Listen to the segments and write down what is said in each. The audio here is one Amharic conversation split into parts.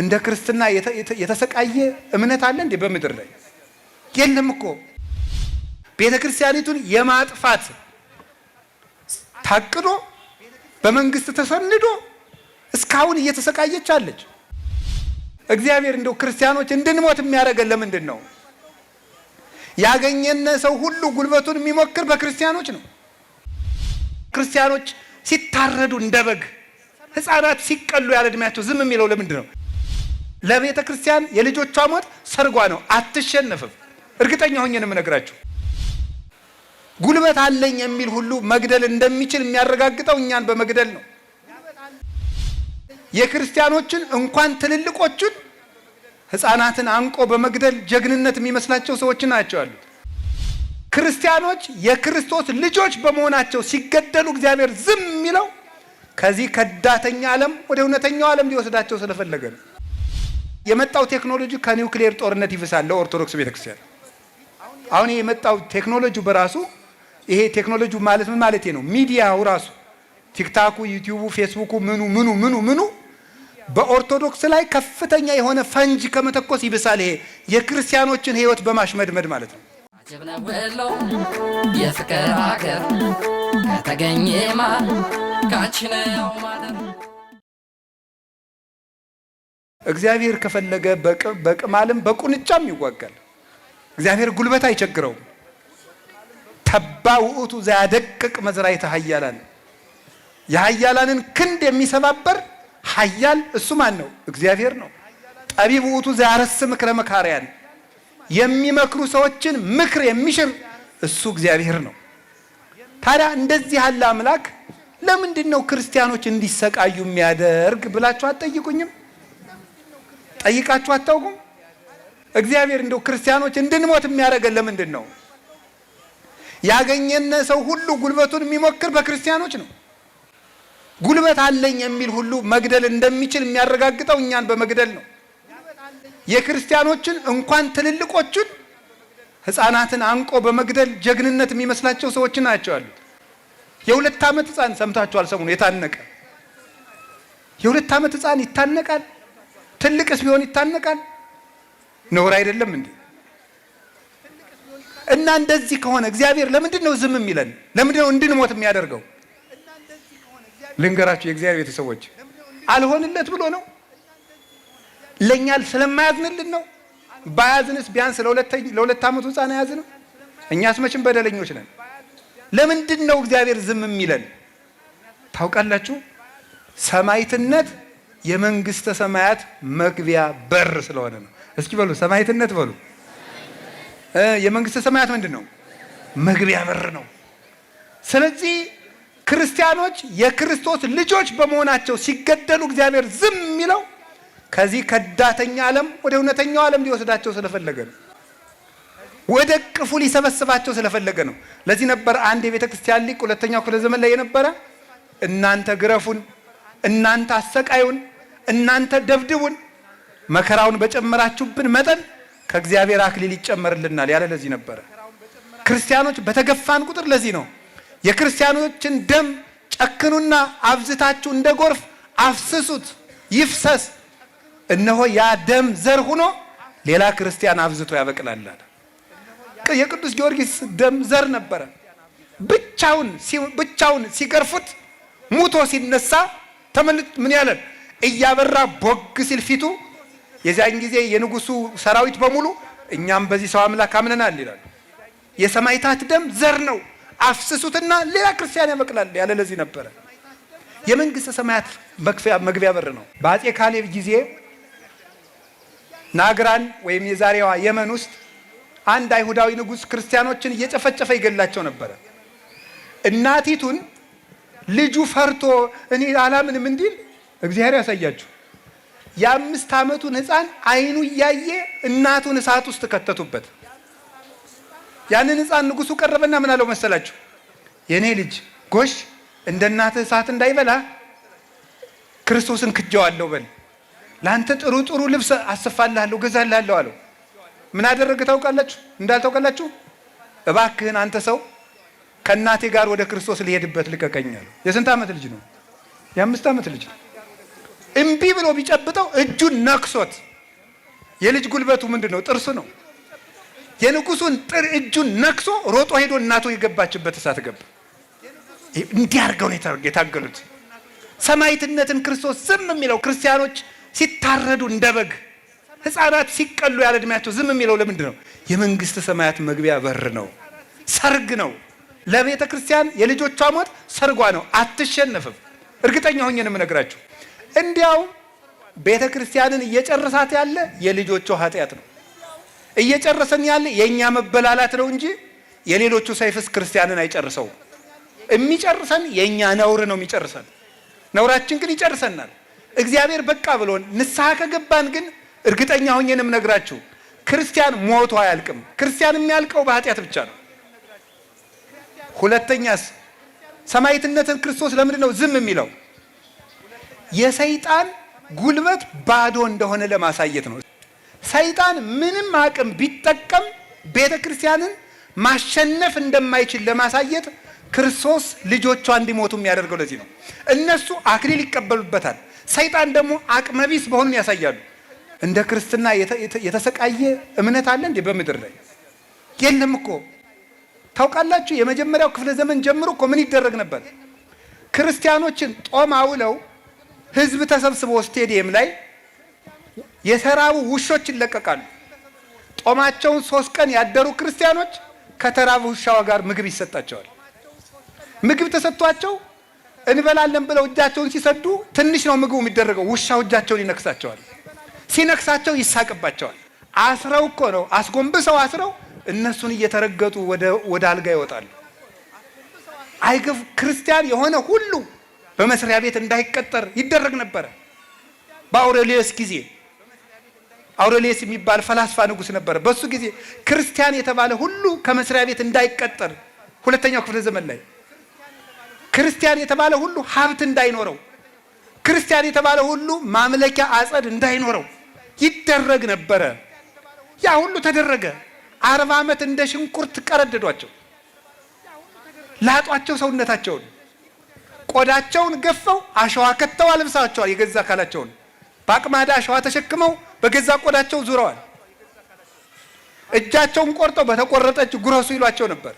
እንደ ክርስትና የተሰቃየ እምነት አለ እንዴ? በምድር ላይ የለም እኮ። ቤተ ክርስቲያኒቱን የማጥፋት ታቅዶ በመንግስት ተሰንዶ እስካሁን እየተሰቃየች አለች። እግዚአብሔር እንደው ክርስቲያኖች እንድንሞት የሚያደርገን ለምንድን ነው? ያገኘነ ሰው ሁሉ ጉልበቱን የሚሞክር በክርስቲያኖች ነው። ክርስቲያኖች ሲታረዱ እንደ በግ፣ ህፃናት ሲቀሉ ያለ ዝም የሚለው ለምንድን ነው? ለቤተ ክርስቲያን የልጆቿ ሞት ሰርጓ ነው፣ አትሸነፍም። እርግጠኛ ሆኜ ነው የምነግራችሁ። ጉልበት አለኝ የሚል ሁሉ መግደል እንደሚችል የሚያረጋግጠው እኛን በመግደል ነው። የክርስቲያኖችን እንኳን ትልልቆቹን ሕፃናትን አንቆ በመግደል ጀግንነት የሚመስላቸው ሰዎች ናቸው ያሉት። ክርስቲያኖች የክርስቶስ ልጆች በመሆናቸው ሲገደሉ እግዚአብሔር ዝም የሚለው ከዚህ ከዳተኛ ዓለም ወደ እውነተኛው ዓለም ሊወስዳቸው ስለፈለገ ነው። የመጣው ቴክኖሎጂ ከኒውክሌር ጦርነት ይብሳል ለኦርቶዶክስ ቤተክርስቲያን። አሁን የመጣው ቴክኖሎጂ በራሱ ይሄ ቴክኖሎጂ ማለት ምን ማለት ነው? ሚዲያው ራሱ ቲክታኩ፣ ዩቲዩቡ፣ ፌስቡኩ ምኑ ምኑ ምኑ ምኑ በኦርቶዶክስ ላይ ከፍተኛ የሆነ ፈንጅ ከመተኮስ ይብሳል። ይሄ የክርስቲያኖችን ሕይወት በማሽመድመድ ማለት ነው። የፍቅር አገር ከተገኘማ እግዚአብሔር ከፈለገ በቅማልም በቁንጫም ይዋጋል። እግዚአብሔር ጉልበት አይቸግረውም። ተባ ውእቱ ዘያደቅቅ መዝራዕተ ኃያላን የኃያላንን ክንድ የሚሰባበር ኃያል እሱ ማን ነው? እግዚአብሔር ነው። ጠቢብ ውእቱ ዘያረስ ምክረ መካሪያን የሚመክሩ ሰዎችን ምክር የሚሽር እሱ እግዚአብሔር ነው። ታዲያ እንደዚህ ያለ አምላክ ለምንድን ነው ክርስቲያኖች እንዲሰቃዩ የሚያደርግ ብላችሁ አትጠይቁኝም? ጠይቃችሁ አታውቁም? እግዚአብሔር እንደው ክርስቲያኖች እንድንሞት የሚያደርገን ለምንድን ነው? ያገኘነ ሰው ሁሉ ጉልበቱን የሚሞክር በክርስቲያኖች ነው። ጉልበት አለኝ የሚል ሁሉ መግደል እንደሚችል የሚያረጋግጠው እኛን በመግደል ነው። የክርስቲያኖችን እንኳን ትልልቆቹን ህፃናትን አንቆ በመግደል ጀግንነት የሚመስላቸው ሰዎች ናቸው ያሉት። የሁለት ዓመት ህፃን ሰምታችኋል። ሰሙኑ የታነቀ የሁለት ዓመት ህፃን ይታነቃል። ትልቅስ ቢሆን ይታነቃል። ነውር አይደለም እንዴ? እና እንደዚህ ከሆነ እግዚአብሔር ለምንድን ነው ዝም የሚለን? ለምንድን ነው እንድንሞት የሚያደርገው? ልንገራቸው የእግዚአብሔር ቤተሰቦች አልሆንለት ብሎ ነው። ለእኛ ስለማያዝንልን ነው። ባያዝንስ ቢያንስ ለሁለት ዓመቱ ህፃን አያዝንም። እኛስ መቼም በደለኞች ነን። ለምንድን ነው እግዚአብሔር ዝም የሚለን? ታውቃላችሁ ሰማይትነት የመንግስተ ሰማያት መግቢያ በር ስለሆነ ነው። እስኪ በሉ ሰማይትነት በሉ። የመንግስተ ሰማያት ምንድን ነው? መግቢያ በር ነው። ስለዚህ ክርስቲያኖች የክርስቶስ ልጆች በመሆናቸው ሲገደሉ እግዚአብሔር ዝም የሚለው ከዚህ ከዳተኛ ዓለም ወደ እውነተኛው ዓለም ሊወስዳቸው ስለፈለገ ነው። ወደ ቅፉ ሊሰበስባቸው ስለፈለገ ነው። ለዚህ ነበር አንድ የቤተ ክርስቲያን ሊቅ ሁለተኛው ክፍለ ዘመን ላይ የነበረ እናንተ ግረፉን፣ እናንተ አሰቃዩን እናንተ ደብድቡን፣ መከራውን በጨመራችሁብን መጠን ከእግዚአብሔር አክሊል ይጨመርልናል ያለ ለዚህ ነበረ። ክርስቲያኖች በተገፋን ቁጥር ለዚህ ነው የክርስቲያኖችን ደም ጨክኑና አብዝታችሁ እንደ ጎርፍ አፍስሱት ይፍሰስ፣ እነሆ ያ ደም ዘር ሁኖ ሌላ ክርስቲያን አብዝቶ ያበቅላል። የቅዱስ ጊዮርጊስ ደም ዘር ነበረ። ብቻውን ብቻውን ሲገርፉት ሙቶ ሲነሳ ተመልጥ ምን ያለን እያበራ ቦግ ሲል ፊቱ የዚያን ጊዜ የንጉሱ ሰራዊት በሙሉ እኛም በዚህ ሰው አምላክ አምነናል ይላሉ። የሰማይታት ደም ዘር ነው፣ አፍስሱትና ሌላ ክርስቲያን ያበቅላል ያለ ለዚህ ነበረ። የመንግስተ ሰማያት መግቢያ በር ነው። በአፄ ካሌብ ጊዜ ናግራን ወይም የዛሬዋ የመን ውስጥ አንድ አይሁዳዊ ንጉሥ ክርስቲያኖችን እየጨፈጨፈ ይገላቸው ነበረ። እናቲቱን ልጁ ፈርቶ እኔ አላምንም እንዲል እግዚአብሔር ያሳያችሁ። የአምስት ዓመቱን ህፃን አይኑ እያየ እናቱን እሳት ውስጥ ከተቱበት። ያንን ህፃን ንጉሱ ቀረበና ምን አለው መሰላችሁ? የእኔ ልጅ ጎሽ እንደ እናትህ እሳት እንዳይበላ ክርስቶስን ክጀዋለሁ በል ለአንተ ጥሩ ጥሩ ልብስ አስፋልሃለሁ፣ ገዛልሃለሁ አለው። ምን አደረገ ታውቃላችሁ? እንዳልታውቃላችሁ እባክህን አንተ ሰው ከእናቴ ጋር ወደ ክርስቶስ ሊሄድበት ልቀቀኝ አለው። የስንት ዓመት ልጅ ነው? የአምስት ዓመት ልጅ ነው። እምቢ ብሎ ቢጨብጠው እጁን ነክሶት የልጅ ጉልበቱ ምንድን ነው? ጥርሱ ነው። የንጉሱን ጥር እጁን ነክሶ ሮጦ ሄዶ እናቱ የገባችበት እሳት ገባ። እንዲህ አድርገው የታገሉት ሰማይትነትን ክርስቶስ ዝም የሚለው ክርስቲያኖች ሲታረዱ እንደ በግ ህፃናት ሲቀሉ ያለ ዕድሜያቸው ዝም የሚለው ለምንድን ነው? የመንግስት ሰማያት መግቢያ በር ነው፣ ሰርግ ነው። ለቤተ ክርስቲያን የልጆቿ ሞት ሰርጓ ነው። አትሸነፍም። እርግጠኛ ሆኜ ነው የምነግራችሁ። እንዲያው ቤተ ክርስቲያንን እየጨረሳት ያለ የልጆቹ ኃጢአት ነው። እየጨረሰን ያለ የእኛ መበላላት ነው እንጂ የሌሎቹ ሰይፍስ ክርስቲያንን አይጨርሰውም። የሚጨርሰን የእኛ ነውር ነው የሚጨርሰን። ነውራችን ግን ይጨርሰናል። እግዚአብሔር በቃ ብሎን ንስሐ ከገባን ግን እርግጠኛ ሆኜንም ነግራችሁ ክርስቲያን ሞቶ አያልቅም። ክርስቲያን የሚያልቀው በኃጢአት ብቻ ነው። ሁለተኛስ ሰማዕትነትን ክርስቶስ ለምንድን ነው ዝም የሚለው? የሰይጣን ጉልበት ባዶ እንደሆነ ለማሳየት ነው። ሰይጣን ምንም አቅም ቢጠቀም ቤተ ክርስቲያንን ማሸነፍ እንደማይችል ለማሳየት ክርስቶስ ልጆቿ እንዲሞቱ የሚያደርገው ለዚህ ነው። እነሱ አክሊል ይቀበሉበታል። ሰይጣን ደግሞ አቅመቢስ በሆኑን ያሳያሉ። እንደ ክርስትና የተሰቃየ እምነት አለ እንዴ? በምድር ላይ የለም እኮ ታውቃላችሁ። የመጀመሪያው ክፍለ ዘመን ጀምሮ እኮ ምን ይደረግ ነበር? ክርስቲያኖችን ጦም አውለው ህዝብ ተሰብስቦ ስቴዲየም ላይ የተራቡ ውሾች ይለቀቃሉ። ጦማቸውን ሶስት ቀን ያደሩ ክርስቲያኖች ከተራቡ ውሻዋ ጋር ምግብ ይሰጣቸዋል። ምግብ ተሰጥቷቸው እንበላለን ብለው እጃቸውን ሲሰዱ ትንሽ ነው ምግቡ የሚደረገው። ውሻው እጃቸውን ይነክሳቸዋል። ሲነክሳቸው ይሳቅባቸዋል። አስረው እኮ ነው አስጎንብሰው አስረው እነሱን እየተረገጡ ወደ አልጋ ይወጣሉ። አይገፍ ክርስቲያን የሆነ ሁሉ በመስሪያ ቤት እንዳይቀጠር ይደረግ ነበረ። በአውሬሊዮስ ጊዜ አውሬሊዮስ የሚባል ፈላስፋ ንጉስ ነበረ። በሱ ጊዜ ክርስቲያን የተባለ ሁሉ ከመስሪያ ቤት እንዳይቀጠር፣ ሁለተኛው ክፍለ ዘመን ላይ ክርስቲያን የተባለ ሁሉ ሀብት እንዳይኖረው፣ ክርስቲያን የተባለ ሁሉ ማምለኪያ አጸድ እንዳይኖረው ይደረግ ነበረ። ያ ሁሉ ተደረገ። አርባ ዓመት እንደ ሽንኩርት ቀረደዷቸው፣ ላጧቸው ሰውነታቸውን ቆዳቸውን ገፈው አሸዋ ከተው አልብሳቸዋል። የገዛ አካላቸውን በአቅማዳ አሸዋ ተሸክመው በገዛ ቆዳቸው ዙረዋል። እጃቸውን ቆርጠው በተቆረጠ ጉረሱ ይሏቸው ነበር።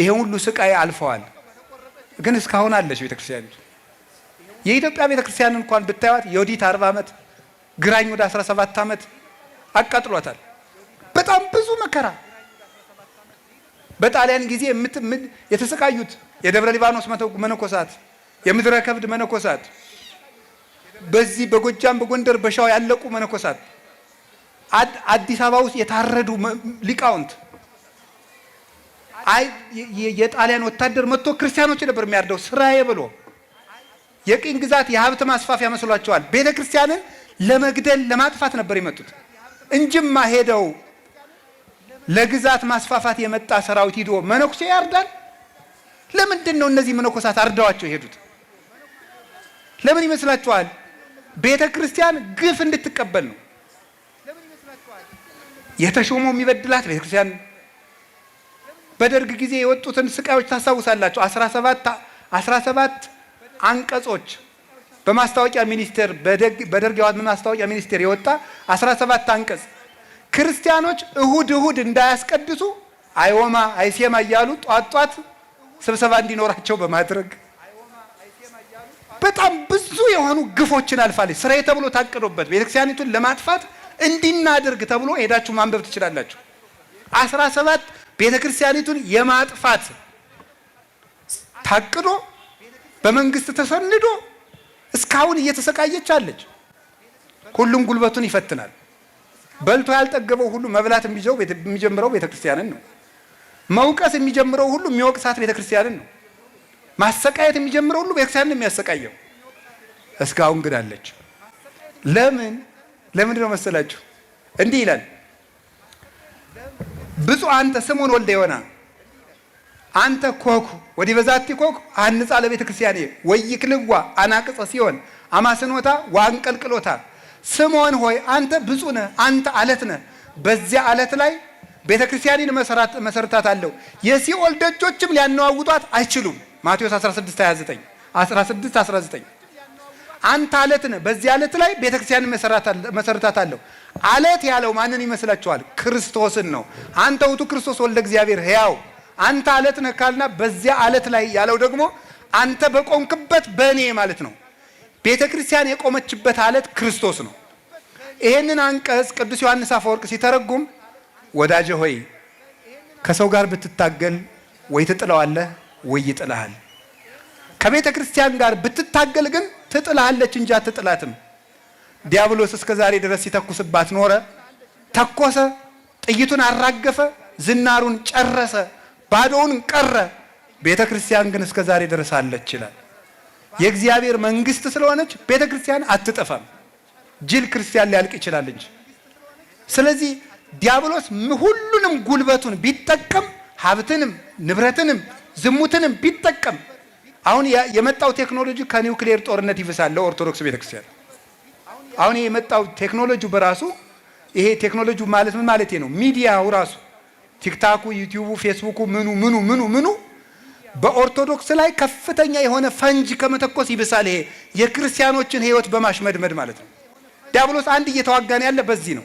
ይሄ ሁሉ ስቃይ አልፈዋል። ግን እስካሁን አለች ቤተክርስቲያን። የኢትዮጵያ ቤተክርስቲያን እንኳን ብታዩት የወዲት 40 ዓመት ግራኝ ወደ 17 ዓመት አቃጥሏታል። በጣም ብዙ መከራ በጣሊያን ጊዜ የተሰቃዩት የደብረ ሊባኖስ መነኮሳት፣ የምድረ ከብድ መነኮሳት፣ በዚህ በጎጃም በጎንደር በሸዋ ያለቁ መነኮሳት፣ አዲስ አበባ ውስጥ የታረዱ ሊቃውንት፣ የጣሊያን ወታደር መጥቶ ክርስቲያኖች ነበር የሚያርደው ስራዬ ብሎ የቅኝ ግዛት የሀብት ማስፋፊያ መስሏቸዋል። ቤተ ክርስቲያንን ለመግደል ለማጥፋት ነበር የመጡት እንጅማ ሄደው ለግዛት ማስፋፋት የመጣ ሰራዊት ሂዶ መነኩሴ ያርዳል። ለምንድን ነው እነዚህ መነኮሳት አርደዋቸው የሄዱት? ለምን ይመስላችኋል? ቤተ ክርስቲያን ግፍ እንድትቀበል ነው። የተሾመው የሚበድላት ቤተ ክርስቲያን በደርግ ጊዜ የወጡትን ስቃዮች ታስታውሳላችሁ። አስራ ሰባት አንቀጾች በማስታወቂያ ሚኒስቴር በደርግ ማስታወቂያ ሚኒስቴር የወጣ 17 አንቀጽ ክርስቲያኖች እሁድ እሁድ እንዳያስቀድሱ አይወማ አይሴማ እያሉ ጧት ጧት ስብሰባ እንዲኖራቸው በማድረግ በጣም ብዙ የሆኑ ግፎችን አልፋለች። ስራዬ ተብሎ ታቅዶበት ቤተክርስቲያኒቱን ለማጥፋት እንዲናደርግ ተብሎ ሄዳችሁ ማንበብ ትችላላችሁ። አስራ ሰባት ቤተክርስቲያኒቱን የማጥፋት ታቅዶ በመንግስት ተሰንዶ እስካሁን እየተሰቃየች አለች። ሁሉም ጉልበቱን ይፈትናል። በልቶ ያልጠገበው ሁሉ መብላት የሚጀምረው ቤተክርስቲያንን ነው። መውቀስ የሚጀምረው ሁሉ የሚወቅሳት ቤተክርስቲያንን ነው። ማሰቃየት የሚጀምረው ሁሉ ቤተክርስቲያንን የሚያሰቃየው እስካሁን ግን አለች። ለምን ለምንድን ነው መሰላችሁ? እንዲህ ይላል ብዙ አንተ ስሙን ወልደ ዮና አንተ ኮኩ ወዲህ በዛቲ ኮኩ አንጻ ለቤተ ክርስቲያኔ ወይክልዋ አናቅጸ ሲሆን አማስኖታ ዋንቀልቅሎታ ስምዖን ሆይ አንተ ብፁዕ ነህ፣ አንተ አለት ነህ። በዚያ አለት ላይ ቤተ ክርስቲያንን መሰርታታለሁ፣ የሲኦል ደጆችም ሊያነዋውጧት አይችሉም። ማቴዎስ 16 29 16 19 አንተ አለት ነህ፣ በዚህ አለት ላይ ቤተ ክርስቲያንን መሰርታታለሁ። አለት ያለው ማንን ይመስላችኋል? ክርስቶስን ነው። አንተ ውእቱ ክርስቶስ ወልደ እግዚአብሔር ሕያው አንተ አለት ነህ ካልና በዚያ አለት ላይ ያለው ደግሞ አንተ በቆምክበት በእኔ ማለት ነው። ቤተ ክርስቲያን የቆመችበት አለት ክርስቶስ ነው። ይህንን አንቀጽ ቅዱስ ዮሐንስ አፈወርቅ ሲተረጉም ወዳጄ ሆይ ከሰው ጋር ብትታገል ወይ ትጥለዋለህ ወይ ይጥልሃል። ከቤተ ክርስቲያን ጋር ብትታገል ግን ትጥልሃለች እንጂ አትጥላትም። ዲያብሎስ እስከ ዛሬ ድረስ ሲተኩስባት ኖረ። ተኮሰ፣ ጥይቱን አራገፈ፣ ዝናሩን ጨረሰ፣ ባዶውን ቀረ። ቤተ ክርስቲያን ግን እስከ ዛሬ ድረስ አለች ይላል። የእግዚአብሔር መንግስት ስለሆነች ቤተ ክርስቲያን አትጠፋም። ጅል ክርስቲያን ሊያልቅ ይችላል እንጂ ስለዚህ ዲያብሎስ ሁሉንም ጉልበቱን ቢጠቀም ሀብትንም ንብረትንም ዝሙትንም ቢጠቀም አሁን የመጣው ቴክኖሎጂ ከኒውክሌር ጦርነት ይብሳል ለኦርቶዶክስ ቤተክርስቲያን። አሁን የመጣው ቴክኖሎጂ በራሱ ይሄ ቴክኖሎጂ ማለት ምን ማለት ነው? ሚዲያው ራሱ ቲክታኩ፣ ዩቲዩቡ፣ ፌስቡኩ ምኑ ምኑ ምኑ ምኑ በኦርቶዶክስ ላይ ከፍተኛ የሆነ ፈንጅ ከመተኮስ ይብሳል። ይሄ የክርስቲያኖችን ህይወት በማሽመድመድ ማለት ነው። ዲያብሎስ አንድ እየተዋጋን ያለ በዚህ ነው።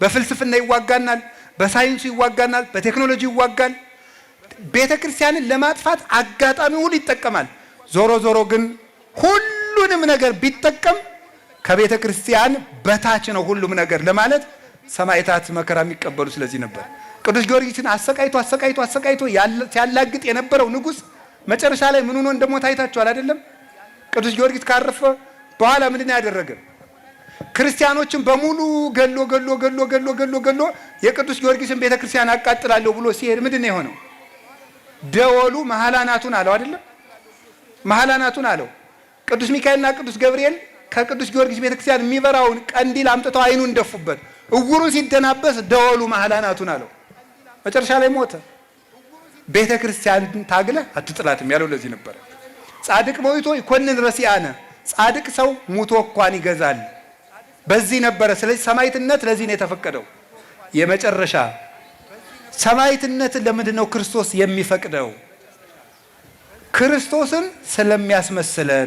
በፍልስፍና ይዋጋናል፣ በሳይንሱ ይዋጋናል፣ በቴክኖሎጂ ይዋጋል። ቤተ ክርስቲያንን ለማጥፋት አጋጣሚ ሁሉ ይጠቀማል። ዞሮ ዞሮ ግን ሁሉንም ነገር ቢጠቀም ከቤተ ክርስቲያን በታች ነው ሁሉም ነገር ለማለት ሰማዕታት መከራ የሚቀበሉ ስለዚህ ነበር። ቅዱስ ጊዮርጊስን አሰቃይቶ አሰቃይቶ አሰቃይቶ ሲያላግጥ የነበረው ንጉሥ መጨረሻ ላይ ምን ሆኖ እንደሞተ አይታችኋል አይደለም? ቅዱስ ጊዮርጊስ ካረፈ በኋላ ምንድን ያደረገ ክርስቲያኖችን በሙሉ ገሎ ገሎ ገሎ ገሎ ገሎ ገሎ የቅዱስ ጊዮርጊስን ቤተ ክርስቲያን አቃጥላለሁ ብሎ ሲሄድ ምንድን ነው የሆነው? ደወሉ መሃላናቱን አለው አይደለም? መሃላናቱን አለው። ቅዱስ ሚካኤልና ቅዱስ ገብርኤል ከቅዱስ ጊዮርጊስ ቤተ ክርስቲያን የሚበራውን ቀንዲል አምጥተው አይኑን ደፉበት። እውሩን ሲደናበስ ደወሉ መሃላናቱን አለው። መጨረሻ ላይ ሞተ። ቤተ ክርስቲያን ታግለህ አትጥላትም ያለው ለዚህ ነበረ። ጻድቅ በዊቶ ይኮንን አነ ጻድቅ ሰው ሙቶ እንኳን ይገዛል። በዚህ ነበረ። ስለዚህ ሰማይትነት ለዚህ ነው የተፈቀደው። የመጨረሻ ሰማይትነት ለምንድን ነው ክርስቶስ የሚፈቅደው? ክርስቶስን ስለሚያስመስለን